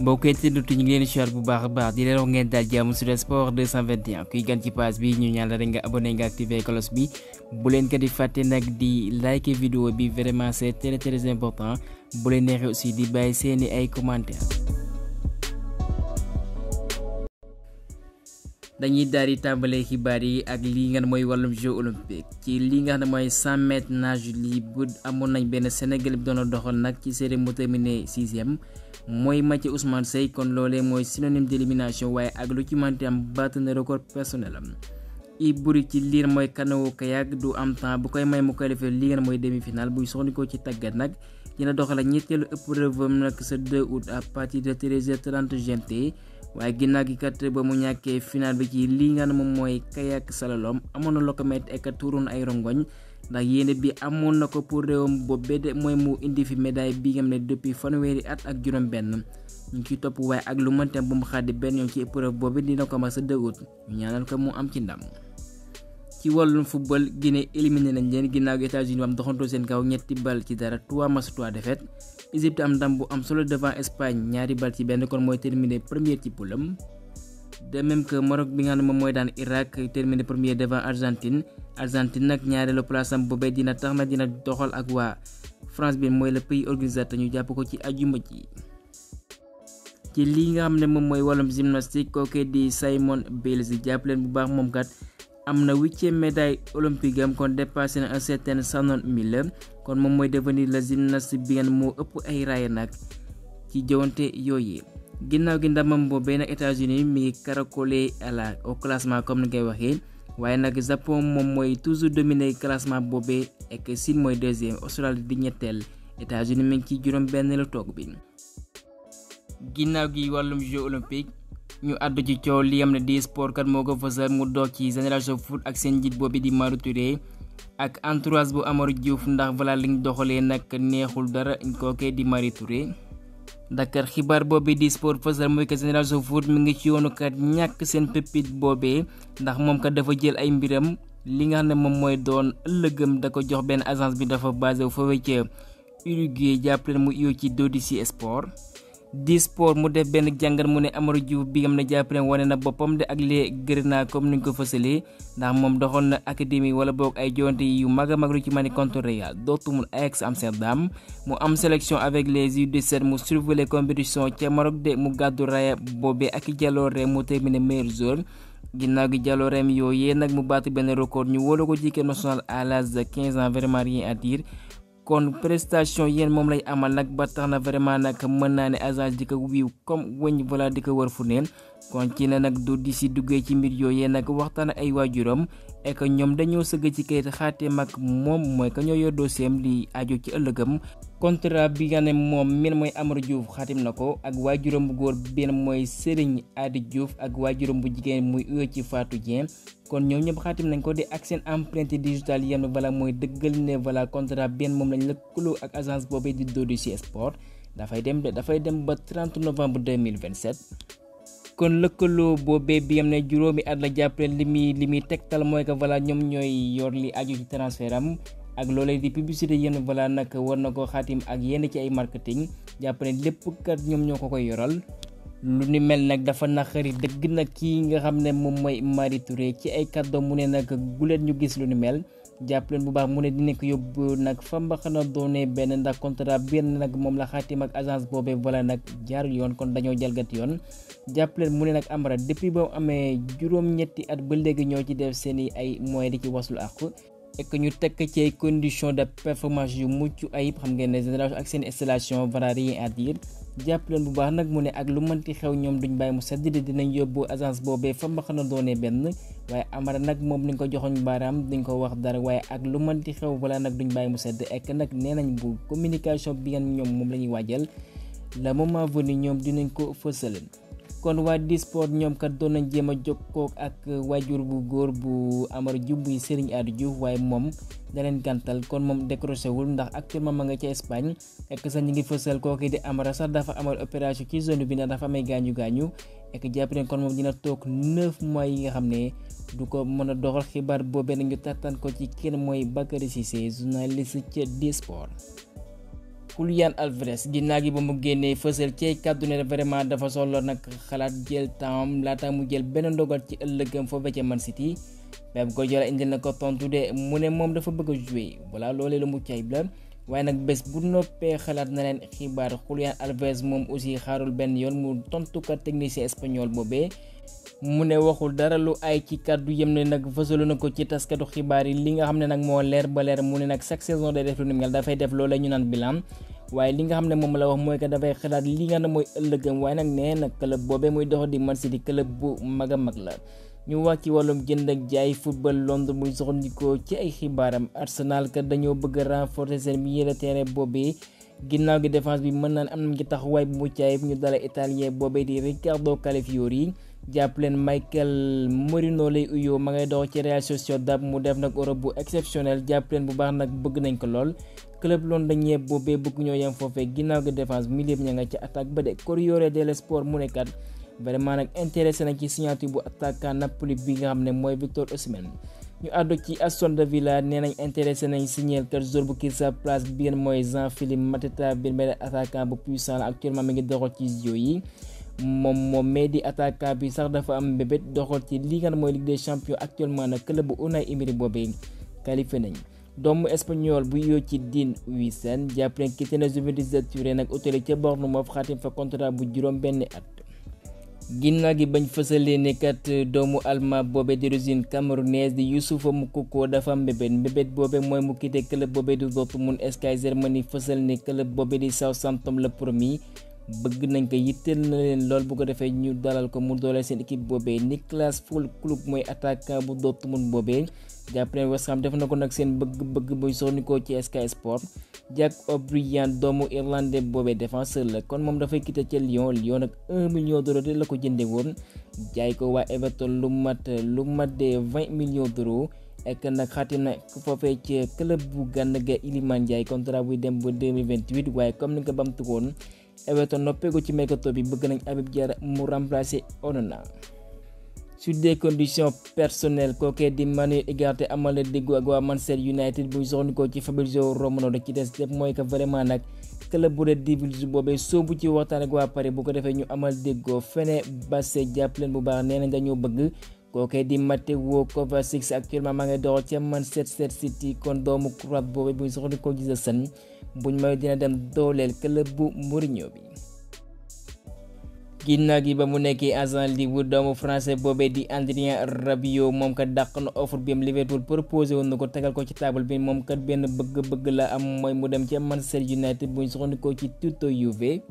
mbokk internautes ñu ngi leen di bu baax a baax di leen wax ngeen daal jàmm Sud Sport 221 kuy gan ci page bi ñu ñaan la rek nga abonné nga activé bi bu leen ko di fàtte nag di like vidéo bi vraiment c'est très très important bu leen neexee aussi di bàyyi seeni ay commentaires. dañuy daal di tàmbalee xibaar yi ak li nga mooy wàllum jeu olympique ci li nga xam ne mooy 100 mètres nage libre amoon nañ benn Sénégal bi doon doxal nag ci série mu terminé mooy Mathieu Ousmane Seye kon loolee mooy synonyme d'élimination waaye ak lu ci mante am batt na record personnel am Iburi ci liir mooy Kanawo Kayak du am temps bu koy may mu qualifié li ngeen mooy demi-finale buy soxni ci tàggat nag dina doxal ñetteelu épreuve am nag sa 2 août à partir de 13h30 GMT waaye ginnaaw gi kat ba mu ñàkkee final bi ci lii nga ne moom mooy kayak slalom amoon na loo ko métti ak tuuroon ay rongoñ. ndax yéene bi amoon na ko pour réewam boobu de mooy mu indi fi médaille bi nga xam ne depuis fanweeri at ak juróom-benn ñu ngi ciy topp waaye ak lu mënta bu mu xaddi benn yoon ci épreuve boobu dina ko mas a dëggut ñu ñaanal ko mu am ci ndam. ci wàllum football Guinée éliminé nañ leen ginnaaw gi États-Unis am doxantoo seen kaw ñetti bal ci dara 3 match 3 défaite Égypte am ndam bu am solo devant Espagne ñaari bal ci benn kon mooy terminé premier ci poulam de même que Maroc bi nga xam ne moom mooy daan Irak terminé premier devant Argentine Argentine nag ñaareelu place am boobee dina tax na dina doxal ak waa France bi mooy le pays organisateur ñu jàpp ko ci ajuma ji ci lii nga xam ne moom mooy wàllum gymnastique kooke di Simon Bales jàpp leen bu baax moom kat am na huitième médaille olympique am kon dépassé na un certain Sanon Miller kon moom mooy devenir la gymnaste bi nga moo ëpp ay raay nag ci jëwante yooyu. ginnaaw gi ndamam boobee nag états mi ngi caracolé à la au comme ni ngay waxee waaye nag Japon moom mooy toujours dominé classement boobee ak Chine mooy deuxième Australie di ñetteel États-Unis mi ngi ci juróom-benn la toog bi. ginnaaw gi wàllum jeux olympique ñu àddu ci coow li am ne di sport kat moo ko fësal mu dox ci génération foot ak seen njiit boobi di Madu Touré ak entourage bu Amar Diouf ndax balaa liñ doxalee nag neexul dara kookee di Mari Touré. Dakar xibaar boobee di sport fësal mooy que Génération Foot mu ngi ci yoonu kat ñàkk seen pépite boobee ndax moom kat dafa jël ay mbiram li nga xam ne moom mooy doon ëllëgëm da ko jox benn agence bi dafa basé wu foofee ca Uruguay jàppale mu iyoo ci Dodici Sport. di sport mu def benn jàngat mu ne Amadou Diouf bi am na jàppale wane na boppam de ak lee gërë naa comme ni ñu ko fësalee ndax moom doxoon na académie wala boog ay jonte yu mag a mag lu ci mani contre Real Dortmund Ajax Amsterdam mu am sélection avec les U17 mu survolé compétition ca Maroc de mu gàddu raaya boobee ak jaloore mu terminé meilleur zone ginnaaw gi jàllooreem yooyee nag mu baatu benn record ñu wóolu ko ci équipe nationale à l'âge de 15 ans vraiment rien kon prestation yéen moom lay amal nag ba tax na vraiment nag mën naa ne agence di ko wiiw comme weñ voilà di ko war fu neen kon ci la nag du di si duggee ci mbir yooyee nag waxtaan ay waajuram et ñoom dañoo sëgg ci kayit xaatee mag moom mooy que ñoo yor seem li aju ci ëllëgam contrat bi nga ne moom min mooy Amar Diouf xaatim na ko ak waajuram bu góor benn mooy Serigne Adi Diouf ak waajuram bu jigéen muy uyo ci faatu Dieng kon ñoom ñëpp xaatim nañ ko di ak seen empreinte digitale yenn voilà mooy dëggal ne voilà contrat benn moom lañ lëkkaloo ak agence boobee di Dodou Sport dafay dem dafay dem ba 30 novembre 2027 kon lëkkaloo boobee bi am ne juróomi at la jàppale li muy li muy tegtal mooy que voilà ñoom ñooy yor li aju ci transfert ak loolee di publicité yenn voilà nag war na ko xaatim ak yenn ci ay marketing jàppale lépp kat ñoom ñoo ko koy yoral. lu ni mel nag dafa naqari dëgg nag kii nga xam ne moom mooy Mary Touré ci ay kàddoom mu ne nag guleen ñu gis lu ni mel. jàppaleen bu baax mu ne di nekk yóbbu nag fa mbaxana doonee benn ndax contrat benn nag moom la xaatim ak agence boobee voilà nag jaarul yoon kon dañoo jalgati yoon jàppaleen mu ne nag Amara depuis ba amee juróom-ñetti at ba léegi ñoo ci def seen i ay moyens di ci waslu àq ek ñu tekk ci ay conditions de performance yu mucc ayib xam ngeen ne génération ak seen installation varié à dire jàpp bu baax nag mu ne ak lu mënti xew ñoom duñ bàyyi mu sedd di dinañ yóbbu agence boobee fa ma xana doonee benn waaye Amara nag moom ni nga ko joxoñ baaraam duñ ko wax dara waaye ak lu mënti xew wala nag duñ bàyyi mu sedd ek nag nee nañ bu communication bi ngeen ñoom moom la ñuy waajal le moment venu ñoom dinañ ko fësal kon waa Disport ñoom kat doon nañ jéem a jokkoo ak waajur bu góor bu amar Diouf buy Serigne Adou Diouf waaye moom da gantal kon moom décroché wul ndax actuellement ma nga ca Espagne ek sa ñu ngi fësal kooku di Amara sax dafa amal opération ci zone bi ndax dafa amee gaañu gaañu ek jàpp kon moom dina toog 9 mois yi nga xam ne du ko mën a doxal xibaar boobee nañu tartan ko ci kenn mooy Bakary Cissé journaliste ca Disport. Julian Alvarez ginnaaw gi ba mu ci kàddu ne vraiment dafa solo nak xalat jël la tam mu jël benen ndogal ci ëllëgëm fo bëcë Man City Pep Guardiola indil na ko tontu de mu né mom dafa bëgg jouer joué voilà loolee lu mucc ayib la waaye nag bés bu noppé xalat na len xibaar Julian Alvarez mom aussi xarul ben yoon mu tontu ko technicien espagnol bobé mu ne waxul dara lu ay ci kàddu yem ne nak fësalu na ko ci taskatu xibaari li nga xam nak mo leer ba leer mu ne nak chaque saison day def lu ni mel dafay def lolé ñu naan bilan waaye li nga xam ne moom la wax mooy que dafay xalaat li nga xam ne mooy ëllëgam waaye nag nee na club boobee muy dox di Man City club bu mag a mag la ñu wax ci wàllum jënd ak jaay football Londres muy soxandikoo ci ay xibaaram Arsenal kat dañoo bëgg a renforcer seen milieu de terrain boobee ginnaaw gi défense bi mën naan am nañ tax taxawaay bu mucc ayib ñu dala italien boobee di Riccardo Calafiori yi jàpp leen Michael Merino lay uyoo ma ngay dox ci Real Sociedad mu def nag Europe bu exceptionnel jàpp bu baax nag bëgg nañ ko lool club london ñe bëgg ñoo yam fofé ginnaw ga défense milieu bi ña nga ci attaque ba de Corriere dello Sport mu ne kat vraiment nak intéressé na ci signature bu attaquant Napoli bi nga xamné moy Victor Osimhen ñu àddu ci Aston Villa nee nañ intéressé nañ signer kat joueur bu Crystal place bi ngeen mooy Jean-Philippe Mateta bi benn attaquant bu puissant actuellement mi ngi doxal ci jiw yi mom mom mais di attaquant bi sax dafa am bébé doxal ci Ligue nga mooy Ligue des Champions actuellement nak club Unai Emery bobé qualifié nañ doomu espagnol bu yoo ci din Wissane jàppale quitté na Juventus de Turin nag utale ca Bournemouth xaatim fa contrat bu juróom benn at ginnaaw gi bañ fësalee ne kat doomu almaa boobe d'origine camerounaise di mu Moukoko dafa mbébét mbébét boobe mooy mu quitté club boobe du Dortmund SK Germany fësal ne club boobe di saw Southampton la promis bëgg nañ ko yitteel na leen lool bu ko defee ñu dalal ko mu dooleel seen équipe boobee Niklas Füllkrug mooy attaquant bu Dortmund boobee jàpp ne West Ham def na ko nag seen bëgg-bëgg bu sonni ko ci Sky Sport Jack O'Brien doomu irlandais boobee défenseur la kon moom dafay quitté ca Lyon Lyon nag 1 million d'euros de la ko jëndee woon jaay ko waa Everton lu mat lu mat de 20 millions d'euros ak nag xaatim na foofee ci club bu gànn ga Iliman Ndiaye contrat buy dem ba 2028 waaye comme ni nga ko bamtu Everton noppeeku ci mercato bi bëgg nañ Habib Diarra mu remplacer Onana sur des condition personnel kookee di Manu Ugarte amal na déggoo ak waa Manchester United bu ñu soxandikoo ci Fabrizio Romano ci des lépp mooy que vraiment nag club bu dee divulge boobee soobu ci waxtaan ak waa Paris bu ko defee ñu amal déggoo fene basse jàpp leen bu baax nee nañ dañoo bëgg. kookee di Matteo Kovacic actuellement maa ngi doxal ca Manchester City kon doomu Croate boobu bu ñu soxla ko gis sën buñ may dina dem dooleel club bu Mourinho bi. ginnaaw gi ba mu nekkee agent libre doomu français boobee di Adrien Rabiot moom kat dàq na offre bi am Liverpool proposé woon na ko tegal ko ci table bi moom kat benn bëgg-bëgg la am mooy mu dem ca Manchester United bu ñu soxla ko ci tutto Juve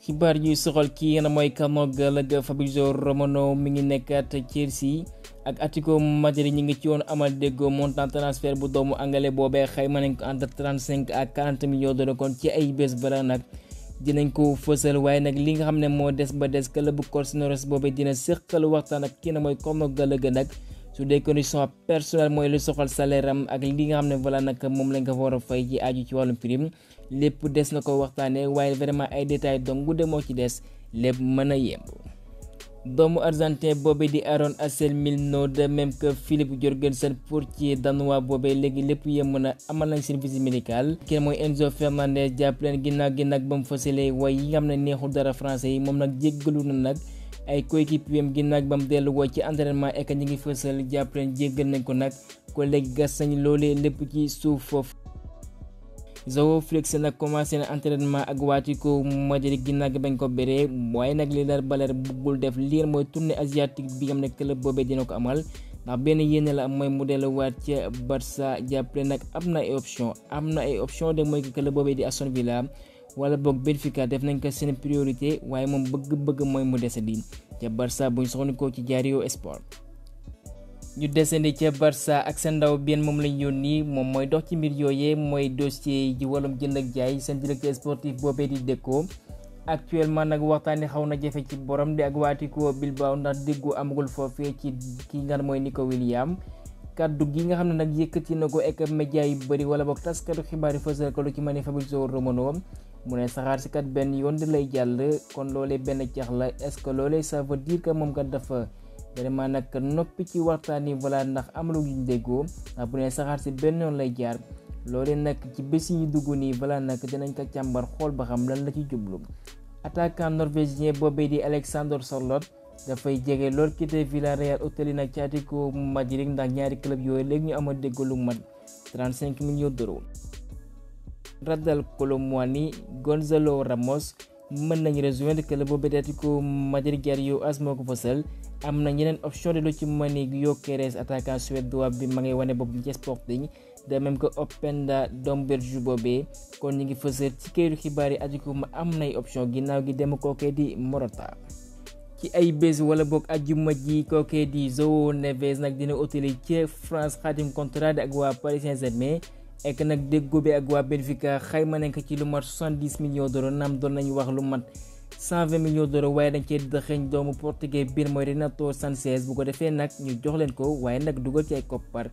xibaar yuy soxal ki na mooy kanoog la Fabrizio Romano mi ngi nekkat Chelsea ak Atlético Madrid ñi ngi ci woon amal déggoo montant transfert bu doomu angale boobee xayma nañ ko entre trente cinq ak quarante millions de kon ci ay bés bala nag dinañ ko fësal waaye nag li nga xam ne moo des ba des club bu Corcinores boobee dina séqal waxtaan ak kii na mooy kanoog la nag. su dee condition personnelle mooy lu soxal salaire am ak li nga xam ne voilà nag moom lañ ko war a fay ci aju ci wàllum prime lépp des na ko waxtaanee waaye vraiment ay détails dong de moo ci des lépp mën a yemb. doomu argentin boobe di Aaron Axel-Milnaud de même que Philippe Jorgensen portier danois boobe léegi lépp yem na amal nañ seen visite médicale kenn mooy Enzo Fernandez jàpp leen ginnaaw gi nag ba mu fësalee way yi nga xam ne neexul dara français yi moom nag jéggalu ay coéquipiers gi nag ba mu dellu woo ci entraînement ek ñi ngi fësal jàpp leen jéggal nañ ko nag collègue gas nañ loolee lépp ci suuf foofu. Joao Félix nag commencé na entraînement ak waatiko Madrid gi nag bañ ko béree waaye nag li daal baleer buggul def lii mooy tournée asiatique bi nga xam ne club boobee dina ko amal. ndax benn yéene la mooy mu delluwaat ca Barça jàppale nag am na ay option am na ay option de mooy que club boobee di Aston Villa wala bok Benfica def nañ ko seen priorité waaye moom bëgg-bëgg mooy mu din ca Barça buñ ko ci Diario Sport ñu desandi ca Barça ak seen ndaw bien moom lañ yónni moom mooy dox ci mbir yooyee mooy dossier ji wàllum jënd ak jaay seen directeur sportif boobee di Deco actuellement nag waxtaani xaw na ci borom di ak waatiko Bilbao ndax déggu amagul foofee ci ki nga mooy Nico William kaddu gi nga xam ne nag yëkkati na ko ek média yu bëri wala boog taskatu xibaari fësal ko lu ci mel ni Romano mu ne saxaar si kat benn yoon di lay jàll kon loole benn cax la est-ce que loolee ça veut dire que moom kat dafa vraiment nag noppi ci waxtaan yi voilà ndax amalu ñu déggoo ndax bu ne saxaar si benn yoon lay jaar loolee nag ci bés yi dugg nii voilà nag dinañ ko càmbar xool ba xam lan la ci jublu attaquant norvégien boobee di Alexander Sorloth dafay jege lool quitté Villarreal utali nag ci Atlético Madrid ndax ñaari club yooyu léegi ñu ama déggoo lu mat 35 millions d'euros Randal Kolo Muani Gonzalo Ramos mën nañu rejoindre club bu Atlético Madrid jar yu as moo ko fësal am na ñeneen option de lu ci mën a Gyökeres attaquant suédois bi ma ngi wane boppam ci Sporting de même que Openda Dombéju boobee kon ñu ngi fësal ci këyitu xibaar yi Atlético ma am nay option ginnaaw gi dem kookee di Morata. ci ay bés wala boog ajjuma ji kookee di João Neves nag dina utile ci France xaatim contrat ak waa Paris Saint-Germain. ek nag déggoo bi ak waa Benfica xayma nekk ci lu mat 70 millions d'euros naam doon nañu wax lu mat 120 millions waaye dañ cee dëxëñ doomu portugais biir mooy Renato Sanchez bu ko defee nag ñu jox leen ko waaye nag dugal ci ay koppar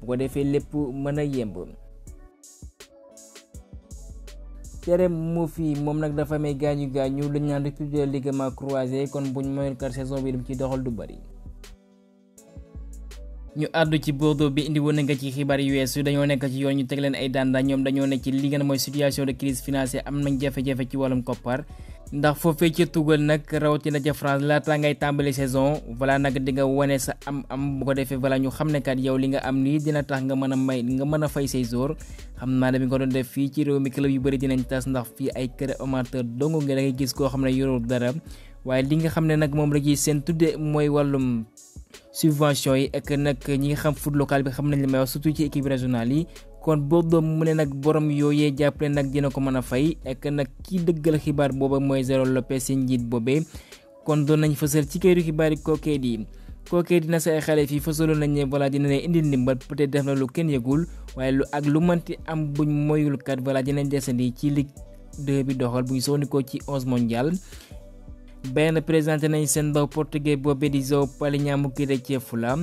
bu ko defee lépp mën a cere Tere Moffi moom nag dafa amee gaañu gaañu lu ñu naan rupture de ligament croisé kon buñ moyoon kar saison bi lu ci doxal du bari. ñu àddu ci Bordeaux bi indi woon na nga ci xibaar yu weesu dañoo nekk ci yoon ñu teg leen ay daan ñoom dañoo nekk ci li nga mooy situation de crise financière am nañ jafe-jafe ci wàllum koppar ndax foofee ca tugal nag rawatina ca France laataa ngay tàmbali saison voilà nag di nga wane sa am am bu ko defee voilà ñu xam ne kat yow li nga am nii dina tax nga mën a may nga mën a fay say jour xam naa dami ko doon def fii ci réew mi club yu bëri dinañ tas ndax fii ay kër amateur dong da ngay gis koo xam ne subvention yi ak nag ñi nga xam foot local bi xam nañ li may wax surtout ci équipe régionale yi kon boo Bordeaux mu ne nag borom yooyee jàppale nag dina ko mën a fay ak nag ki dëggal xibaar booba mooy Jérôme Lopez seen njiit boobee kon doon nañ fësal ci këru xibaar yi kookee di kookee dina say xale fii fësaloon nañ ne voilà dina leen indil ndimbal peut-être def na lu kenn yëgul waaye lu ak lu manti am buñ moyul kat voilà dinañ desandi ci Ligue 2 bi doxal buñ soxnikoo ci 11 mondial benn présenté nañu seen ndaw portugais boobe di João Palhinha mu quitté la Fulham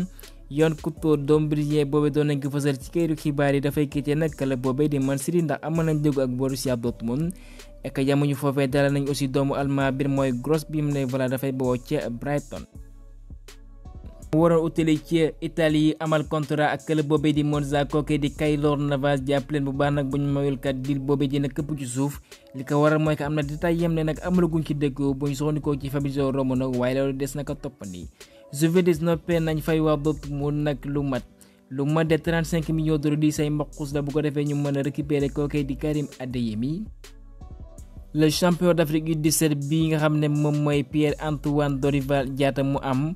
yoon Couto Dombrésiens boobe doon nañ ko fësal ci këru xibaar yi dafay quitté nag la boobe di Man City ndax amal nañ déggu ak Borussia Dortmund ek yamuñu foofee dala nañ aussi doomu allemand bi mooy Gross bi mu ne voilà dafay bawoo ci Brighton mu waroon utali ci Italie yi amal contrat ak club boobee di Monza kooke di Keylor Navas jàpp leen bu baax nag bu ñu mayul kat dil boobee dina këpp ci suuf li ko waral mooy que am na détail yem ne nag amalaguñ ci dëkkoo bu ñu soxandikoo ci Fabrizio Romano waaye loolu des na ko toppandi Juventus noppee nañ fay waa Dortmund nag lu mat lu mat de 35 millions d'euros di say mbaqus la bu ko defee ñu mën a récupérer kooke di Karim Adeyemi le champion d'Afrique U17 bi nga xam ne moom mooy Pierre Antoine Dorival Diatta mu am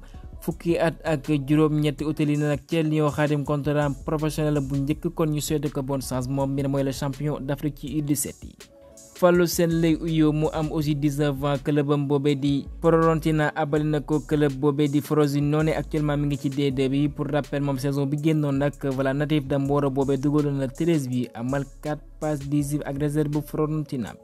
fukki at ak juróom-ñetti utali na nag ca Lyon xaatim contrat professionnel bu njëkk kon ñu souhaité ko bonne chance moom mi ne mooy le champion d'Afrique ci U17 yi. Fallou Sène lay uyoo mu am aussi 19 ans di Fiorentina abali ko club boobee di Frosinone actuellement mi ngi ci D2 bi pour rappel moom saison bi génnoon nag voilà natif de Mboro boobee dugaloon na 13 bi amal 4 passes ak réserve bu Fiorentina.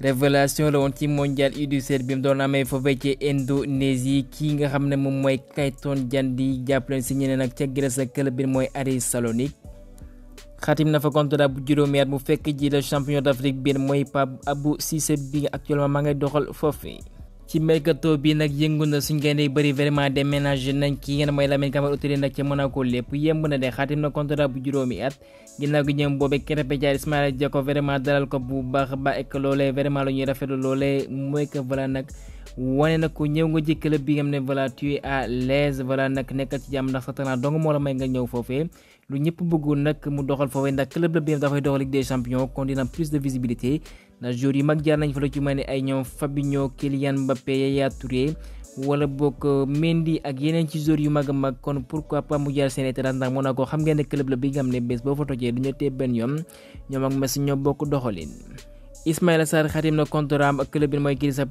révélation la woon ci mondial U17 bi mu doon amee foofee ci Indonésie kii nga xam ne moom mooy Kayton Djandi jàppale si ñeneen ak ca Grèce ak club bi mooy Aris Salonique xatim na fa contrat bu juróomi bu fekk ji la champion d'Afrique biir mooy Pape Abou Cissé bi actuellement maa ngay doxal foofee ci mercato bi nag yëngu na suñ gaynde bëri vraiment déménagé nañ ki ngeen mooy Lamine Camara utali nag ca Monaco lépp yemb na de xaatim na contrat bu juróomi at ginnaaw gi ñoom boobee Krépin Diatta Ismaila Jakobs vraiment dalal ko bu baax a baax ek loolee vraiment lu ñuy rafetlu loolee mooy que voilà nag wane na ko ñëw nga ci club bi nga xam ne voilà tu es à l'aise voilà nag nekkal ci jàmm ndax sa talent dong moo la may nga ñëw foofee lu ñëpp bëggoon nag mu doxal foofee ndax club bi dafay doxal Ligue des kon dina plus de visibilité ndax joueurs yu mag jaar nañ fa la ci mel ay ñoom Fabinho Kylian Mbappé Yaya Touré wala boog euh, Mendy ak yeneen ci joueurs yu mag mag kon pourquoi pas mu jaar seen état ndax Monaco xam ngeen ne bi nga xam ne bés boo fa tojee du ñu yoon ñoom ak Messi ñoo bokk doxalin. Ismaïla Sarr xatim na contrat ak club bi mooy kii sa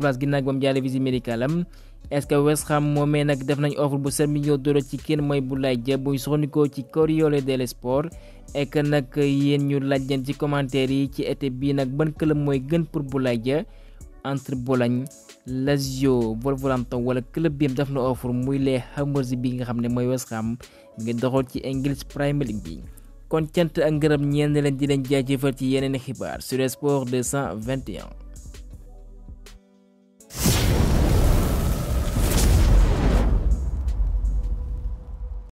est-ce que West Ham moomee nag def nañ offre bu 7 millions d'euros ci kenn mooy Boulaye Dia buñ soxnikoo ci Corriere dello Sport et que nag yéen ñu laaj ci commentaire yi ci été bii nag ban club mooy gën pour Boulaye Dia entre Bologne Lazio Wolverhampton wala club bi daf na offre muy les Hammers bi nga xam ne mooy West Ham ngi doxal ci English Premier League bi kon cant ak ngërëm ñeen leen di leen jaajëfal ci yeneen xibaar sur Sport 221